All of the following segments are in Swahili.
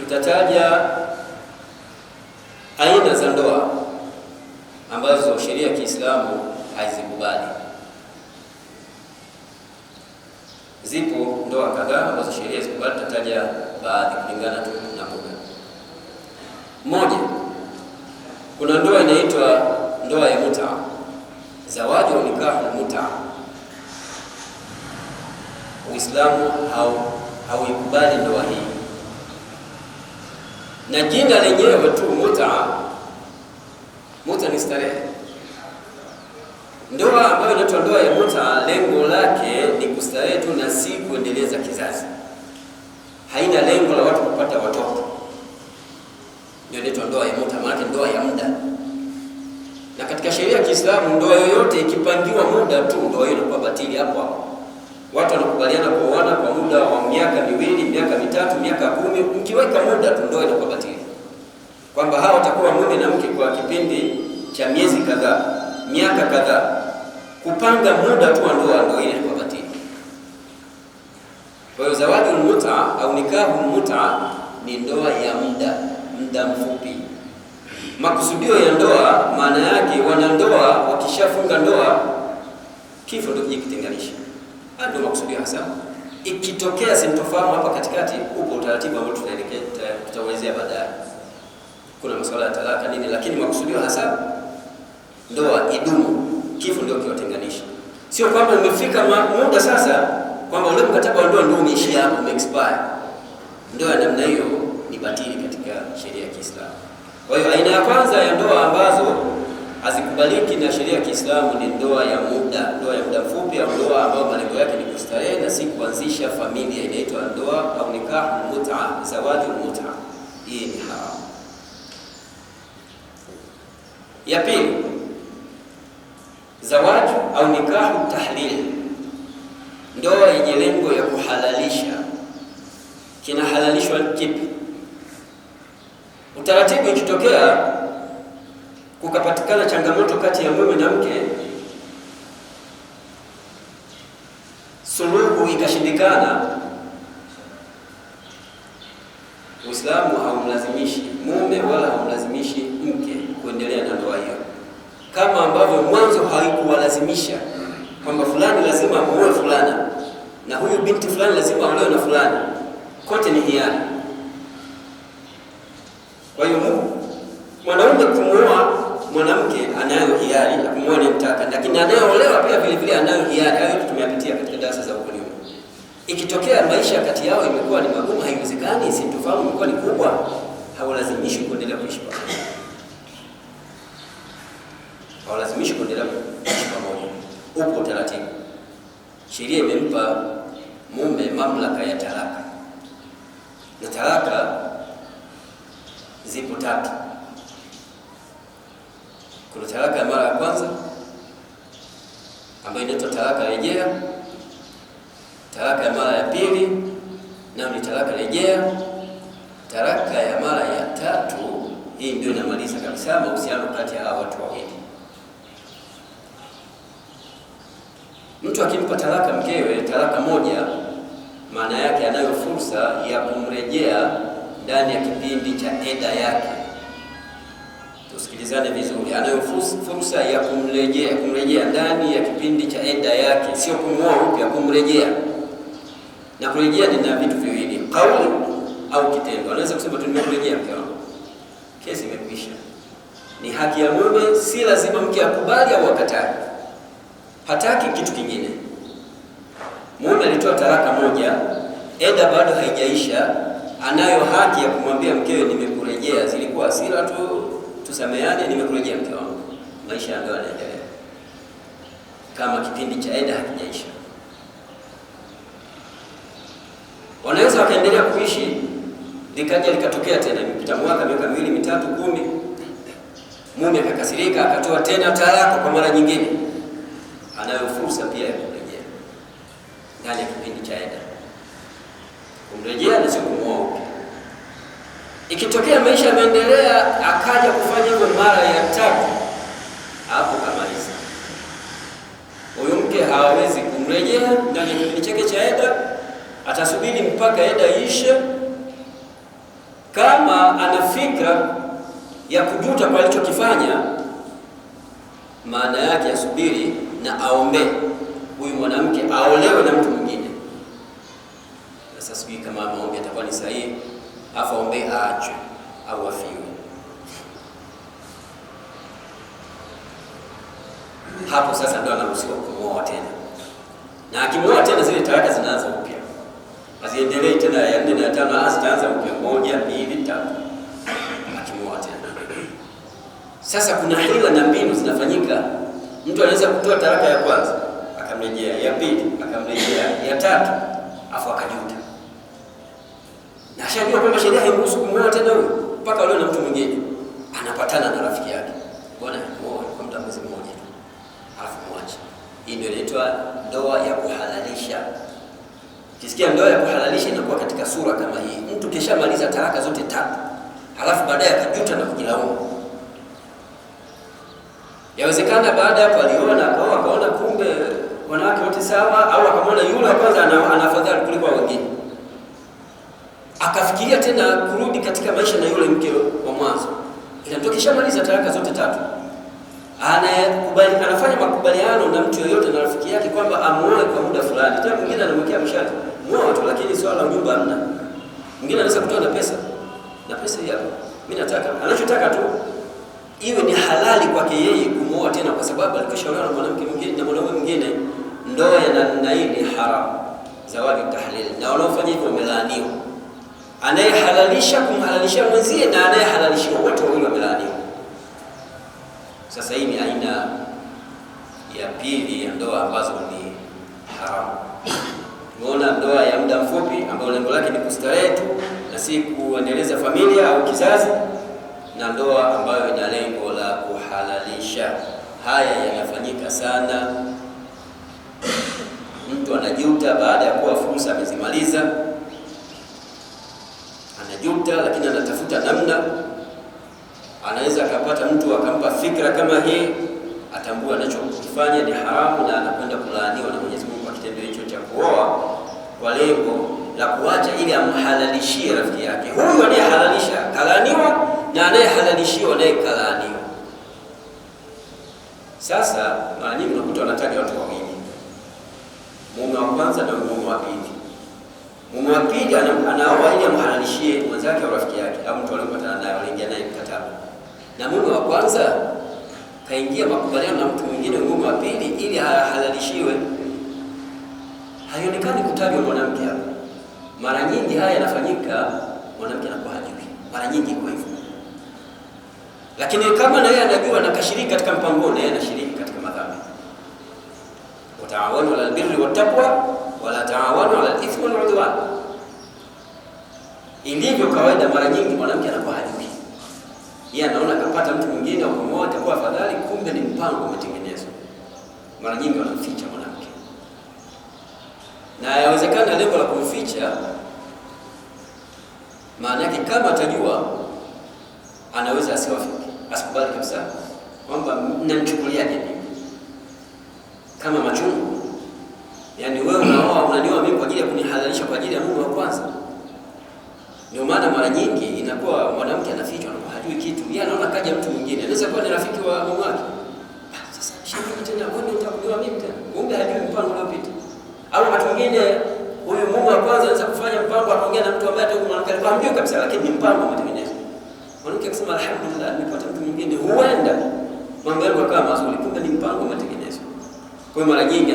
tutataja aina za ndoa ambazo sheria ya Kiislamu haizikubali. Zipo ndoa kadhaa ambazo sheria zikubali tutataja baadhi kulingana tu na muda. Moja, kuna ndoa inaitwa ndoa ya muta, zawadi wa nikahu muta. Uislamu hauikubali ndoa hii na jina lenyewe tu muta, muta ni starehe. Ndoa ambayo inaitwa ndoa ya muta, lengo lake ni kustarehe tu na si kuendeleza kizazi. Haina lengo la watu kupata watoto, ndio inaitwa ndoa ya muta, maana ndoa ya muda. Na katika sheria ya Kiislamu, ndoa yoyote ikipangiwa muda tu, ndoa hiyo inakuwa batili hapo hapo watu wanakubaliana kuoana kwa muda wa miaka miwili, miaka mitatu, miaka kumi. Mkiweka muda tu, ndoa inakuwa batili, kwamba hawa watakuwa mume na mke kwa kipindi cha miezi kadhaa, miaka kadhaa. Kupanga muda tu wa ndoa, ndoa ile inakuwa batili. Kwa hiyo zawadi muta au nikahu muta ni ndoa ya muda muda mfupi. Makusudio ya ndoa, maana yake wanandoa wakishafunga ndoa, kifo ndio kujitenganisha. Ndio makusudio hasa. Ikitokea sintofahamu hapa katikati, upo utaratibu ambao tutaelekea, tutauelezea baadaye. Kuna masuala ya talaka nini, lakini makusudio hasa ndoa idumu, kifo ndio kiwatenganisha. Sio kwamba umefika muda sasa kwamba ule mkataba wa ndoa ndio umeishia hapo, umeexpire. Ndoa ya namna hiyo ni batili katika sheria ya Kiislamu. Kwa hiyo aina ya kwanza ya ndoa ambazo hazikubaliki na sheria ya Kiislamu ni ndoa ya muda, ndoa ya muda mfupi, au ndoa ambayo malengo yake ni kustarehe na si kuanzisha familia. Inaitwa ndoa au nikah mut'a, zawadi mut'a. Hii ni haramu. Ya pili, zawadi au nikahu tahlil, ndoa yenye lengo ya kuhalalisha. Kinahalalishwa kipi? Utaratibu ukitokea kukapatikana changamoto kati ya mume na mke, suluhu ikashindikana, Uislamu haumlazimishi mume wala haumlazimishi mke kuendelea na ndoa hiyo, kama ambavyo mwanzo haikuwalazimisha kwamba fulani lazima amuoe fulana na huyu binti fulani lazima aolewe na fulani. Kote ni hiari. hiari na akumuone mtaka, lakini anayeolewa pia vile vile anayo hiari. Hayo tumeyapitia katika darasa za ukuli. Ikitokea maisha kati yao imekuwa ni magumu, haiwezekani, si tofauti imekuwa ni kubwa, hawalazimishi kuendelea kuishi pamoja, hawalazimishi kuendelea kuishi pamoja. Upo utaratibu, sheria imempa mume mamlaka ya talaka, na talaka zipo tatu. Kuna talaka ya mara ya kwanza ambayo inaitwa talaka rejea, talaka ya mara ya pili nayo ni talaka rejea, talaka ya mara ya tatu hii ndio inamaliza kabisa mahusiano kati ya watu wawili. Mtu akimpa talaka mkewe talaka moja, maana yake anayo fursa ya kumrejea ndani ya kipindi cha eda yake tusikilizane vizuri. Anayo fursa ya kumrejea kumrejea ndani ya kipindi cha eda yake, sio kumwoa upya, kumrejea. Na kurejea nina vitu viwili, kauli au kitendo. Anaweza kusema tu nimekurejea mke wangu, kesi imekwisha. Ni haki ya mume, si lazima mke akubali au akatae. Hataki kitu kingine. Mume alitoa talaka moja, eda bado haijaisha, anayo haki ya kumwambia mkewe, nimekurejea, zilikuwa hasira tu tusameane, nimekurejea mke wangu. Maisha yangu yanaendelea kama kipindi cha eda hakijaisha. Wanaweza wakaendelea kuishi, likaja likatokea tena, imepita mwaka, miaka miwili mitatu, kumi, mume akakasirika, akatoa tena talaka kwa mara nyingine. Anayo fursa pia ya kumrejea ndani ya kipindi cha eda, kumrejea na sio kumwoa Ikitokea maisha yameendelea, akaja kufanya hiyo mara ya tatu, hapo kamaliza. Huyu mke hawezi kumrejea ndani ya kipindi chake cha eda, atasubiri mpaka eda ishe. Kama ana fikra ya kujuta kwa alichokifanya, maana yake asubiri na aombe huyu mwanamke aolewe na mtu mwingine. Sasa sijui kama maombi atakuwa ni sahihi afu aombee aachwe au afiwe. Hapo sasa ndo anaruhusiwa kumwoa tena, na akimwoa tena zile talaka zinaanza upya, aziendelei tena ya nne na ya tano, azitaanza upya, moja, mbili, tatu, akimwoa tena. Sasa kuna hila na mbinu zinafanyika. Mtu anaweza kutoa talaka ya kwanza akamrejea, ya pili akamrejea, ya tatu afu akajuta Ashajua kwamba sheria haimruhusu kumwoa tena huyo mpaka leo na mtu mwingine. Anapatana na rafiki yake. Bwana muoa kwa muda mwezi mmoja tu. Alafu mwache. Hii ndio inaitwa ndoa ya kuhalalisha. Kisikia ndoa ya kuhalalisha inakuwa katika sura kama hii. Mtu keshamaliza talaka zote tatu. Alafu baadaye akajuta na kujilaumu. Yawezekana baada hapo aliona akaona kumbe wanawake wote sawa, au akamwona yule kwanza anafadhali kuliko wengine akafikiria tena kurudi katika maisha na yule mke wa mwanzo. Inatokisha maliza talaka zote tatu, anayekubali anafanya makubaliano na mtu yoyote na rafiki yake kwamba amuoe kwa muda fulani, tena mwingine anamwekea mshati muoe tu, lakini swala la nyumba hamna. Mwingine anaweza kutoa na pesa na pesa hiyo, mimi nataka anachotaka tu iwe ni halali kwake yeye kumuoa tena, kwa sababu alikoshauriwa na mwanamke mwingine na mwanaume mwingine. Ndoa ya namna hii ni haramu, zawadi tahlil, na wanaofanya hivyo wamelaaniwa anayehalalisha kumhalalisha mwenzie na anayehalalishiwa, wote wawili wamelaaniwa. Sasa hii ni aina ya pili ya ndoa ambazo ni haramu. tumeona ndoa ya muda mfupi ambayo lengo lake ni kustarehe tu na si kuendeleza familia au kizazi, na ndoa ambayo ina lengo la kuhalalisha. Haya yanafanyika sana, mtu anajuta baada ya kuwa fursa amezimaliza anajuta, lakini anatafuta namna. Anaweza akapata mtu akampa fikra kama hii, atambua anachokifanya ni haramu na anakwenda kulaaniwa na Mwenyezi Mungu kwa kitendo hicho cha kuoa kwa lengo la kuacha ili amhalalishie rafiki yake. Huyu anayehalalisha kalaaniwa na anayehalalishiwa naye kalaaniwa. Sasa mara nyingi unakuta wanataja watu wawili, mume wa kwanza na mume wa pili mume wa pili anaoa ili amhalalishie mwenzake au rafiki yake au mtu aliyepatana naye aliingia naye mkataba, na mume wa kwanza kaingia makubaliano na mtu mwingine, mume wa pili, ili ahalalishiwe. Haionekani kutajwa mwanamke hapa. Mara nyingi haya yanafanyika, mwanamke anakuwa hajui, mara nyingi kwa hivyo. Lakini kama na yeye anajua na kashiriki katika mpango, naye anashiriki katika madhambi. Wataawanu alal birri wattaqwa wala taawanu ala ithmi wal Ilivyo kawaida, mara nyingi mwanamke anakuwa hajui, yeye anaona akapata mtu mwingine au kumoa atakuwa afadhali, kumbe ni mpango umetengenezwa. Mara nyingi wanamficha mwanamke, na yawezekana lengo la kumficha, maana yake kama atajua anaweza asiwafiki, asikubali kabisa kwamba namchukuliaje mimi kama machungu, yani wewe unaniua mimi kwa ajili ya kunihadharisha kwa ajili ya Mungu wa kwanza. Ndio maana mara nyingi inakuwa mwanamke anafichwa na hajui kitu. Yeye anaona kaja mtu mwingine. Anaweza kuwa ni rafiki wa mume wake. Ah, sasa tena kwa mimi tena? Kumbe hajui mpango uliopita. Au mwingine huyu wa kwanza anaweza kufanya mpango akaongea na mtu ambaye hata mwanamke alikuwa hamjui kabisa lakini ni mpango umetengenezwa. Mwanamke akisema alhamdulillah nimepata mtu mwingine huenda mambo yakawa mazuri kumbe ni mpango umetengenezwa. Kwa hiyo mara nyingi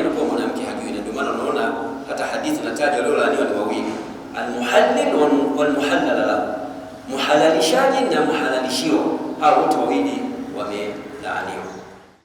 hata hadithi nataja, waliolaaniwa ni wawili, almuhallil walmuhallala lahu, muhalalishaji na muhalalishiwa, hao wote wawili wamelaaniwa.